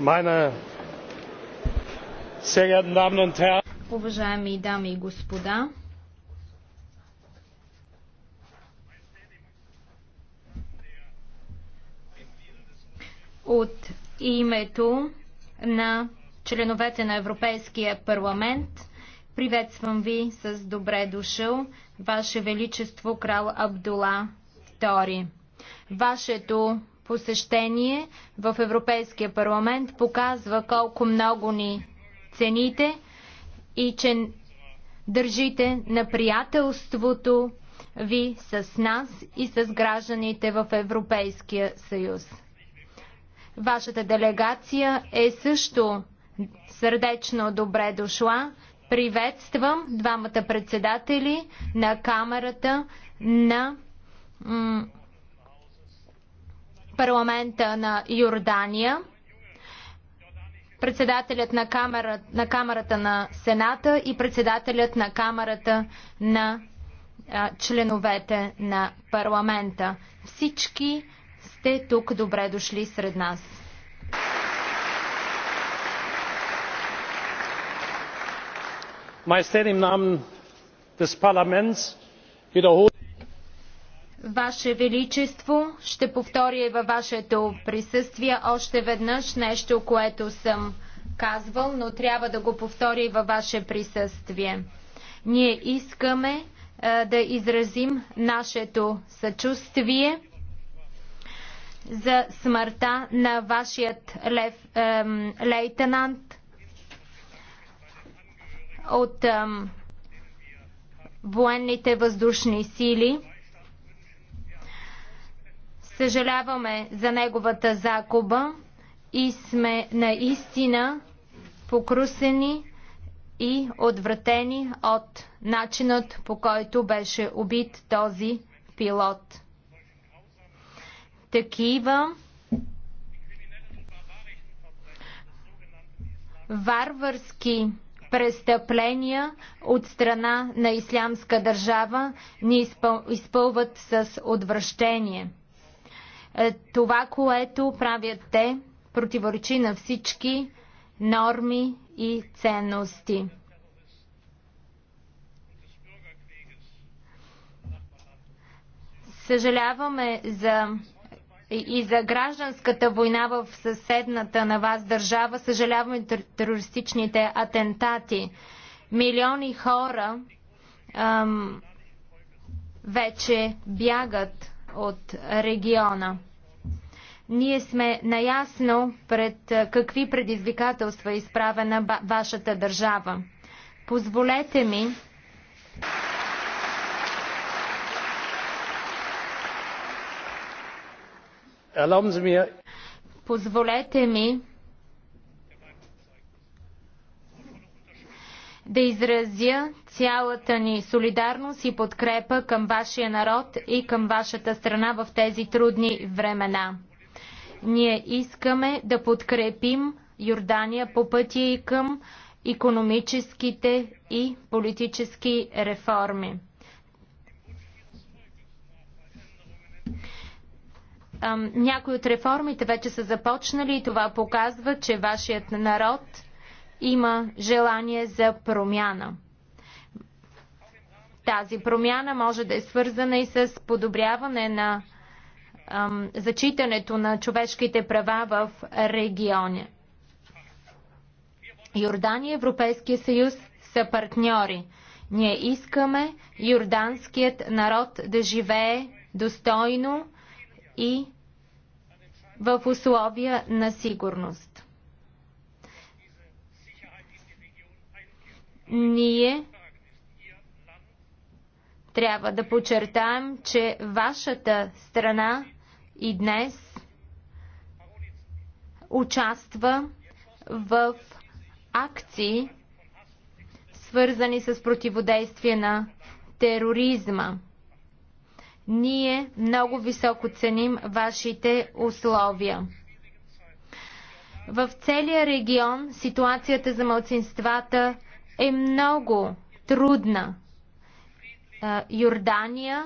meine sehr geehrten Damen und Herren! Уважаеми дами и господа, от името на членовете на Европейския парламент приветствам ви с добре дошъл, Ваше Величество крал Абдула II. Вашето посещение в Европейския парламент показва колко много ни цените и че държите на приятелството ви с нас и с гражданите в Европейския съюз. Вашата делегация е също сърдечно добре дошла. Приветствам двамата председатели на Камерата на парламента на Йордания, председателят на, камера, на Камерата на Сената и председателят на Камерата на а, членовете на парламента. Всички сте тук добре дошли сред нас. majestät im namen Ваше Величество, ще повторя във вашето присъствие още веднъж нещо, което съм казвал, но трябва да го повторя и във ваше присъствие. Ние искаме а, да изразим нашето съчувствие за смъртта на вашият лев, ем, лейтенант от ем, военните въздушни сили. Съжаляваме за неговата загуба и сме наистина покрусени и отвратени от начинът по който беше убит този пилот. Такива варварски престъпления от страна на Ислямска държава ни изпъл... изпълват с отвращение. Е, това, което правят те, противоречи на всички норми и ценности. Съжаляваме за и за гражданската война в съседната на вас държава. Съжаляваме терористичните атентати. Милиони хора ам, вече бягат от региона. Ние сме наясно пред е, какви предизвикателства е изправена вашата държава. Позволете ми Позволете ми да изразя цялата ни солидарност и подкрепа към вашия народ и към вашата страна в тези трудни времена. Ние искаме да подкрепим Йордания по пътя и към економическите и политически реформи. Някои от реформите вече са започнали и това показва, че вашият народ – има желание за промяна. Тази промяна може да е свързана и с подобряване на ам, зачитането на човешките права в региони. Йордания и Европейския съюз са партньори. Ние искаме йорданският народ да живее достойно и в условия на сигурност. Ние трябва да подчертаем, че вашата страна и днес участва в акции, свързани с противодействие на тероризма. Ние много високо ценим вашите условия. В целия регион ситуацията за мълцинствата е много трудна. Йордания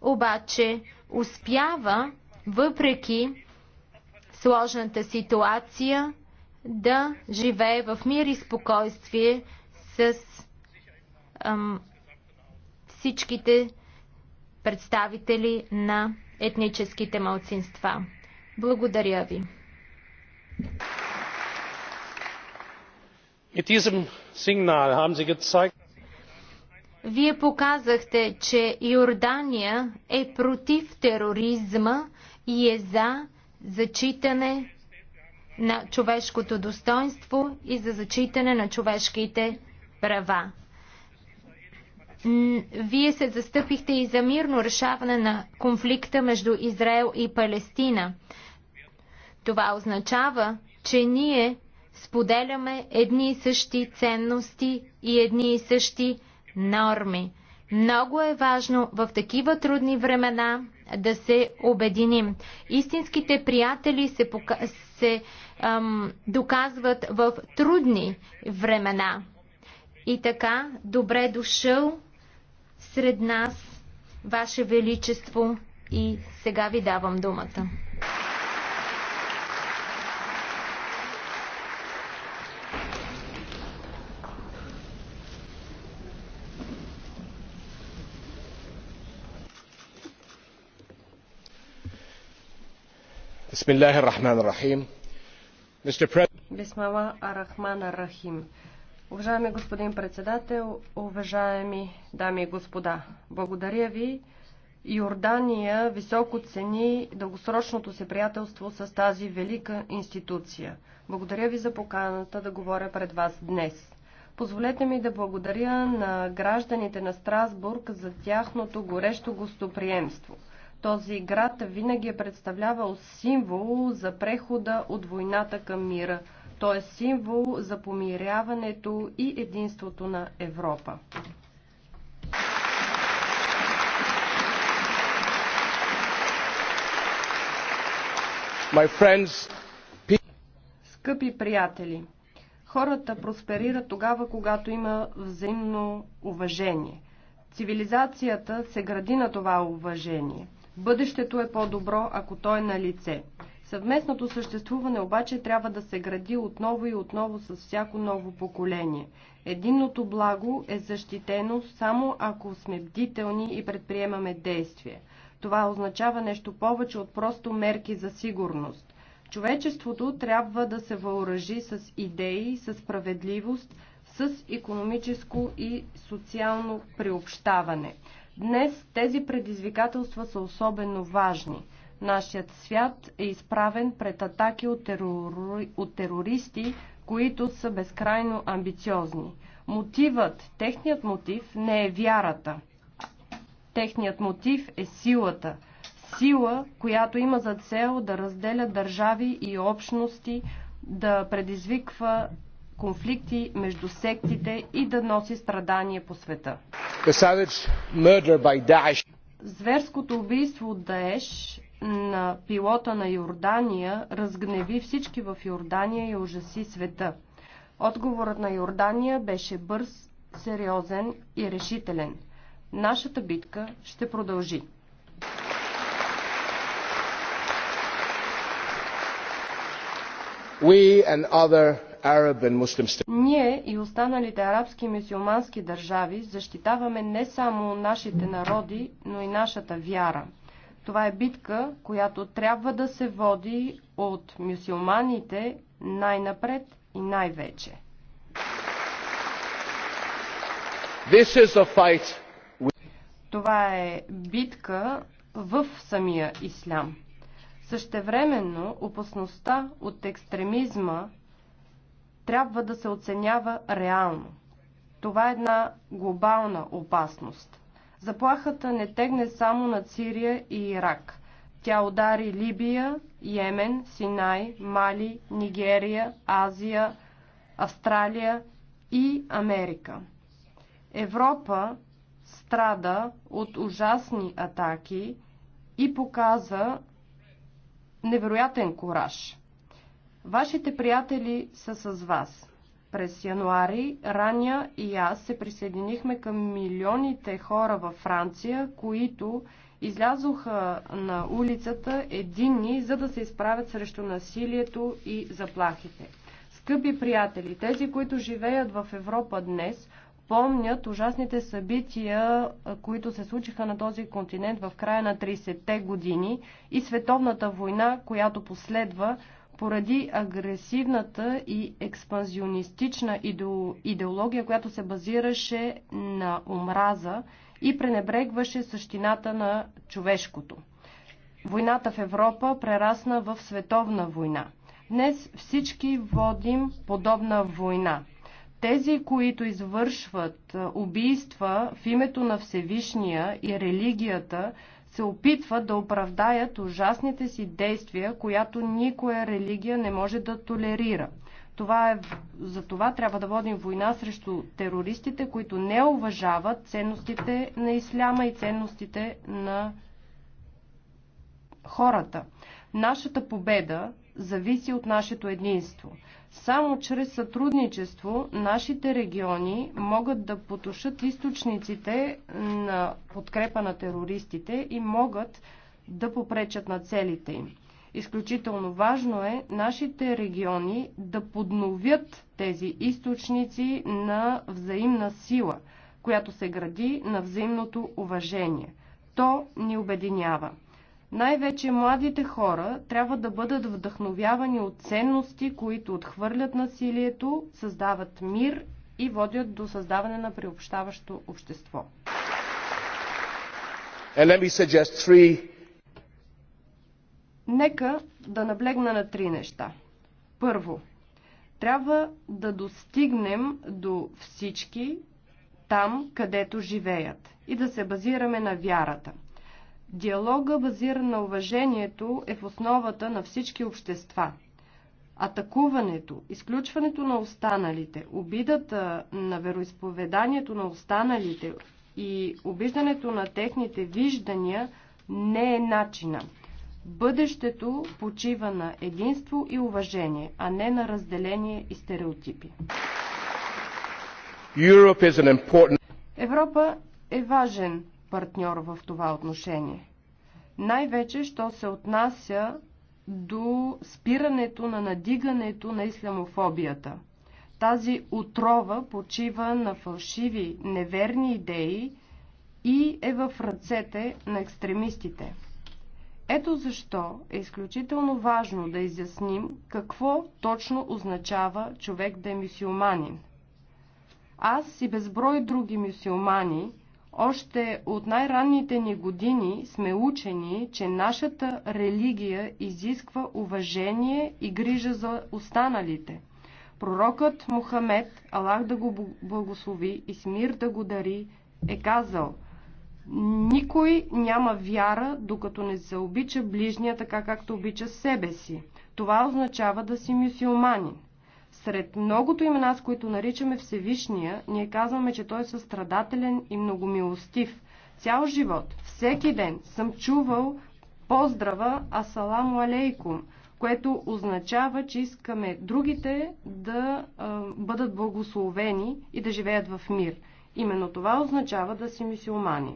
обаче успява, въпреки сложната ситуация, да живее в мир и спокойствие с ам, всичките представители на етническите малцинства. Благодаря ви. Mit diesem Signal haben Sie gezeigt, вие показахте, че Йордания е против тероризма и е за зачитане на човешкото достоинство и за зачитане на човешките права. Вие се застъпихте и за мирно решаване на конфликта между Израел и Палестина. Това означава, че ние споделяме едни и същи ценности и едни и същи норми. Много е важно в такива трудни времена да се обединим. Истинските приятели се, пока... се ам, доказват в трудни времена. И така, добре дошъл сред нас, Ваше Величество, и сега ви давам думата. Бисмила Уважаеми господин председател, уважаеми дами и господа, благодаря ви. Йордания високо цени дългосрочното си приятелство с тази велика институция. Благодаря ви за поканата да говоря пред вас днес. Позволете ми да благодаря на гражданите на Страсбург за тяхното горещо гостоприемство. Този град винаги е представлявал символ за прехода от войната към мира. Той е символ за помиряването и единството на Европа. My friends, Скъпи приятели, хората просперират тогава, когато има взаимно уважение. Цивилизацията се гради на това уважение. Бъдещето е по-добро, ако то е на лице. Съвместното съществуване обаче трябва да се гради отново и отново с всяко ново поколение. Единното благо е защитено само ако сме бдителни и предприемаме действия. Това означава нещо повече от просто мерки за сигурност. Човечеството трябва да се въоръжи с идеи, с справедливост, с економическо и социално приобщаване. Днес тези предизвикателства са особено важни. Нашият свят е изправен пред атаки от, терор... от терористи, които са безкрайно амбициозни. Мотивът, техният мотив не е вярата. Техният мотив е силата. Сила, която има за цел да разделя държави и общности, да предизвиква конфликти между сектите и да носи страдания по света. Зверското убийство от Даеш на пилота на Йордания разгневи всички в Йордания и ужаси света. Отговорът на Йордания беше бърз, сериозен и решителен. Нашата битка ще продължи. We and other ние и останалите арабски и мусулмански държави защитаваме не само нашите народи, но и нашата вяра. Това е битка, която трябва да се води от мюсюлманите най-напред и най-вече. Това е битка в самия ислям. Същевременно опасността от екстремизма трябва да се оценява реално. Това е една глобална опасност. Заплахата не тегне само на Сирия и Ирак. Тя удари Либия, Йемен, Синай, Мали, Нигерия, Азия, Австралия и Америка. Европа страда от ужасни атаки и показа невероятен кураж – Вашите приятели са с вас. През януари Раня и аз се присъединихме към милионите хора във Франция, които излязоха на улицата единни, за да се изправят срещу насилието и заплахите. Скъпи приятели, тези, които живеят в Европа днес, помнят ужасните събития, които се случиха на този континент в края на 30-те години и световната война, която последва, поради агресивната и експанзионистична идеология, която се базираше на омраза и пренебрегваше същината на човешкото. Войната в Европа прерасна в световна война. Днес всички водим подобна война. Тези, които извършват убийства в името на Всевишния и религията, се опитват да оправдаят ужасните си действия, която никоя религия не може да толерира. Това е, за това трябва да водим война срещу терористите, които не уважават ценностите на исляма и ценностите на хората. Нашата победа зависи от нашето единство. Само чрез сътрудничество нашите региони могат да потушат източниците на подкрепа на терористите и могат да попречат на целите им. Изключително важно е нашите региони да подновят тези източници на взаимна сила, която се гради на взаимното уважение. То ни обединява. Най-вече младите хора трябва да бъдат вдъхновявани от ценности, които отхвърлят насилието, създават мир и водят до създаване на приобщаващо общество. Three... Нека да наблегна на три неща. Първо, трябва да достигнем до всички там, където живеят и да се базираме на вярата – Диалога, базиран на уважението, е в основата на всички общества. Атакуването, изключването на останалите, обидата на вероисповеданието на останалите и обиждането на техните виждания не е начина. Бъдещето почива на единство и уважение, а не на разделение и стереотипи. Европа е важен партньор в това отношение. Най-вече, що се отнася до спирането на надигането на исламофобията. Тази отрова почива на фалшиви, неверни идеи и е в ръцете на екстремистите. Ето защо е изключително важно да изясним какво точно означава човек да е мюсюлманин. Аз и безброй други мюсюлмани – още от най-ранните ни години сме учени, че нашата религия изисква уважение и грижа за останалите. Пророкът Мухамед, Аллах да го благослови и смир да го дари, е казал Никой няма вяра, докато не се обича ближния така, както обича себе си. Това означава да си мюсюлманин. Сред многото имена, с които наричаме Всевишния, ние казваме, че той е състрадателен и многомилостив. Цял живот, всеки ден съм чувал поздрава Асаламу алейкум, което означава, че искаме другите да а, бъдат благословени и да живеят в мир. Именно това означава да си мисиомани.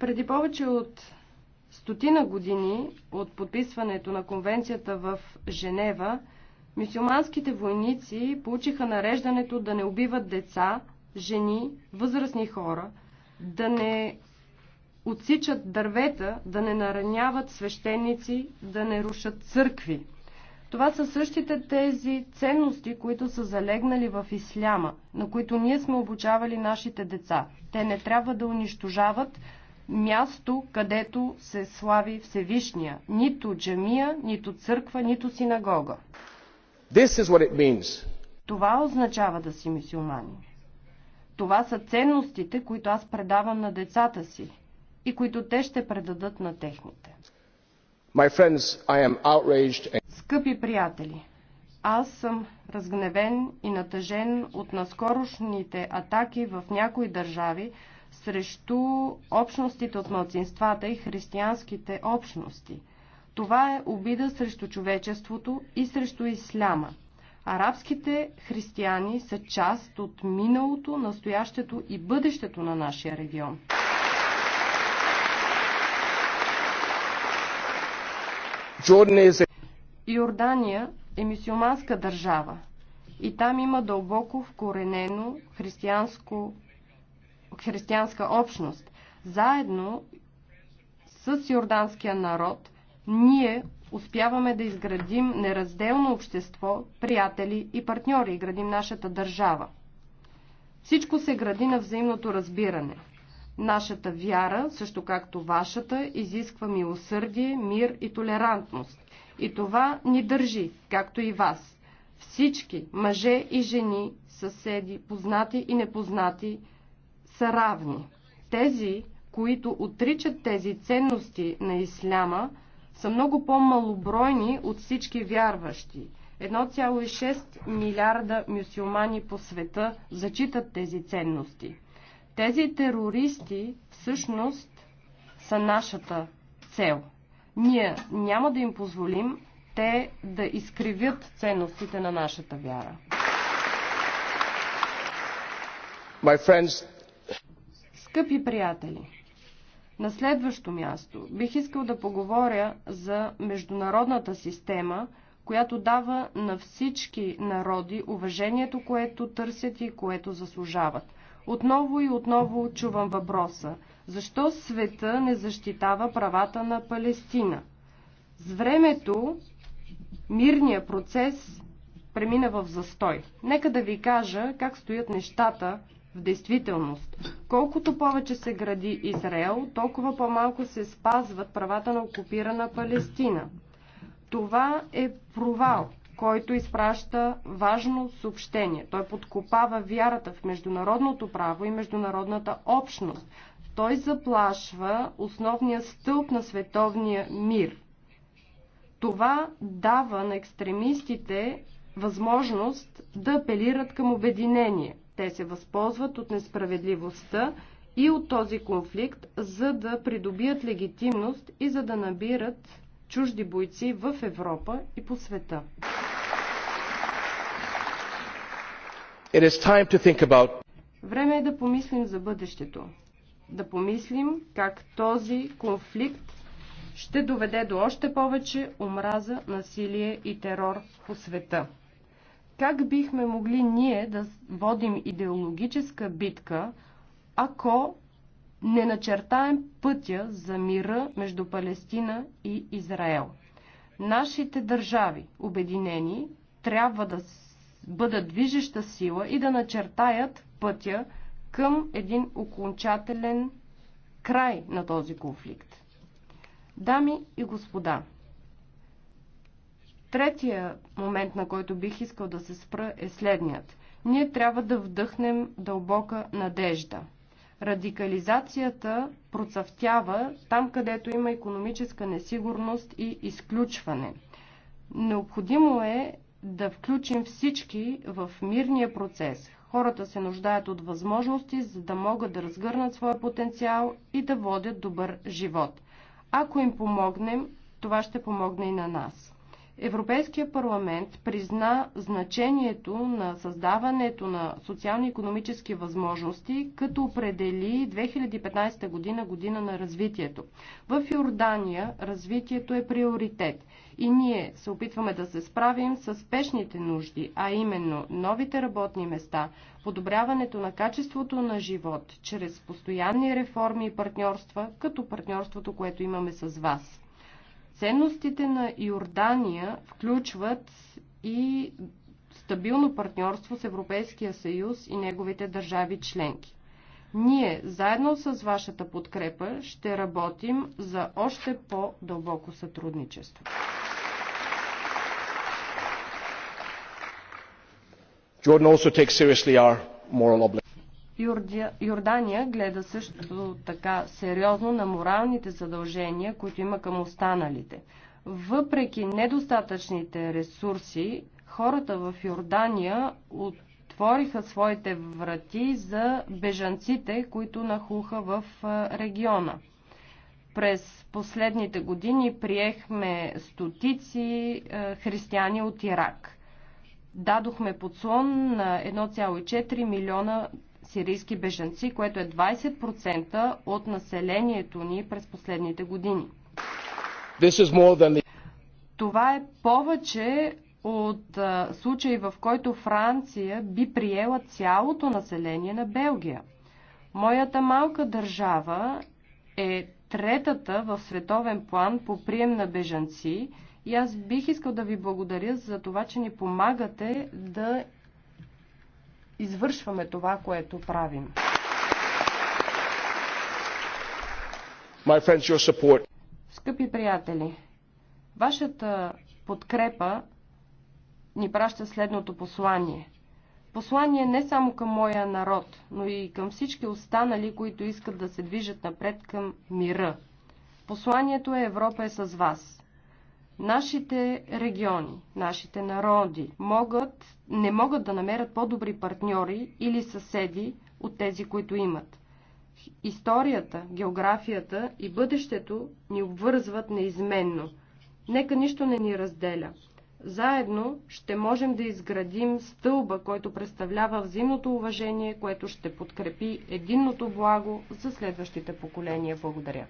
Преди повече от стотина години от подписването на конвенцията в Женева, мисюманските войници получиха нареждането да не убиват деца, жени, възрастни хора, да не отсичат дървета, да не нараняват свещеници, да не рушат църкви. Това са същите тези ценности, които са залегнали в исляма, на които ние сме обучавали нашите деца. Те не трябва да унищожават място, където се слави Всевишния. Нито джамия, нито църква, нито синагога. This is what it means. Това означава да си мисюлманин. Това са ценностите, които аз предавам на децата си и които те ще предадат на техните. My friends, I am outraged and Скъпи приятели, аз съм разгневен и натъжен от наскорошните атаки в някои държави срещу общностите от младсинствата и християнските общности. Това е обида срещу човечеството и срещу исляма. Арабските християни са част от миналото, настоящето и бъдещето на нашия регион. Jordan is a Йордания е мисюманска държава и там има дълбоко вкоренено християнско, християнска общност. Заедно с йорданския народ ние успяваме да изградим неразделно общество, приятели и партньори и градим нашата държава. Всичко се гради на взаимното разбиране. Нашата вяра, също както вашата, изисква милосърдие, мир и толерантност – и това ни държи, както и вас. Всички, мъже и жени, съседи, познати и непознати, са равни. Тези, които отричат тези ценности на исляма, са много по-малобройни от всички вярващи. 1,6 милиарда мюсюлмани по света зачитат тези ценности. Тези терористи всъщност са нашата цел. Ние няма да им позволим те да изкривят ценностите на нашата вяра. My friends... Скъпи приятели, на следващо място бих искал да поговоря за международната система, която дава на всички народи уважението, което търсят и което заслужават – отново и отново чувам въпроса. Защо света не защитава правата на Палестина? С времето мирният процес премина в застой. Нека да ви кажа как стоят нещата в действителност. Колкото повече се гради Израел, толкова по-малко се спазват правата на окупирана Палестина. Това е провал който изпраща важно съобщение. Той подкопава вярата в международното право и международната общност. Той заплашва основния стълб на световния мир. Това дава на екстремистите възможност да апелират към обединение. Те се възползват от несправедливостта и от този конфликт, за да придобият легитимност и за да набират чужди бойци в Европа и по света. It is time to think about... Време е да помислим за бъдещето. Да помислим как този конфликт ще доведе до още повече омраза, насилие и терор по света. Как бихме могли ние да водим идеологическа битка, ако не начертаем пътя за мира между Палестина и Израел? Нашите държави, обединени, трябва да бъдат движеща сила и да начертаят пътя към един окончателен край на този конфликт. Дами и господа, третия момент, на който бих искал да се спра, е следният. Ние трябва да вдъхнем дълбока надежда. Радикализацията процъфтява там, където има економическа несигурност и изключване. Необходимо е да включим всички в мирния процес. Хората се нуждаят от възможности, за да могат да разгърнат своя потенциал и да водят добър живот. Ако им помогнем, това ще помогне и на нас. Европейския парламент призна значението на създаването на социално-економически възможности, като определи 2015 година година на развитието. В Йордания развитието е приоритет и ние се опитваме да се справим с спешните нужди, а именно новите работни места, подобряването на качеството на живот чрез постоянни реформи и партньорства, като партньорството, което имаме с вас. Ценностите на Йордания включват и стабилно партньорство с Европейския съюз и неговите държави членки. Ние, заедно с вашата подкрепа, ще работим за още по-дълбоко сътрудничество. Jordan also takes seriously our moral obligation. Юрдия, Йордания гледа също така сериозно на моралните задължения, които има към останалите. Въпреки недостатъчните ресурси, хората в Йордания отвориха своите врати за бежанците, които нахуха в региона. През последните години приехме стотици християни от Ирак. Дадохме подслон на 1,4 милиона сирийски бежанци, което е 20% от населението ни през последните години. Than... Това е повече от а, случай, в който Франция би приела цялото население на Белгия. Моята малка държава е третата в световен план по прием на бежанци и аз бих искал да ви благодаря за това, че ни помагате да извършваме това, което правим. My friends, your support. Скъпи приятели, вашата подкрепа ни праща следното послание. Послание не само към моя народ, но и към всички останали, които искат да се движат напред към мира. Посланието е Европа е с вас. Нашите региони, нашите народи могат, не могат да намерят по-добри партньори или съседи от тези, които имат. Историята, географията и бъдещето ни обвързват неизменно. Нека нищо не ни разделя. Заедно ще можем да изградим стълба, който представлява взаимното уважение, което ще подкрепи единното благо за следващите поколения. Благодаря.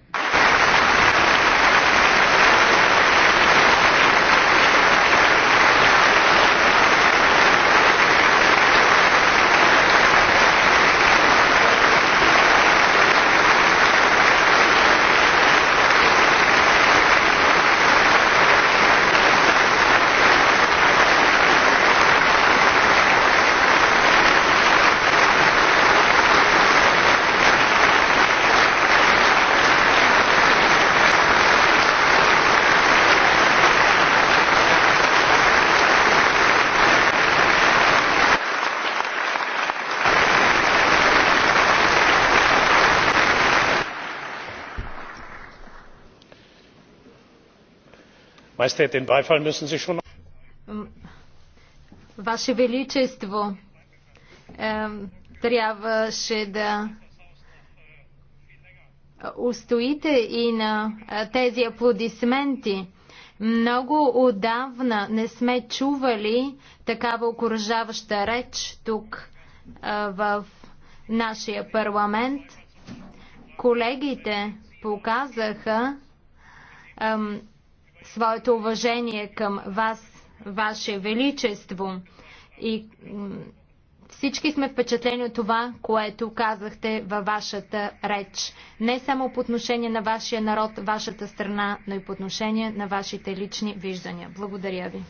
Majestät, den Beifall müssen Sie schon. Ваше Величество, е, трябваше да устоите и на е, тези аплодисменти. Много отдавна не сме чували такава окоръжаваща реч тук е, в нашия парламент. Колегите показаха своето уважение към вас, ваше величество. И всички сме впечатлени от това, което казахте във вашата реч. Не само по отношение на вашия народ, вашата страна, но и по отношение на вашите лични виждания. Благодаря ви.